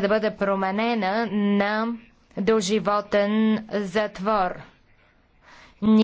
да бъде променена на доживотен затвор.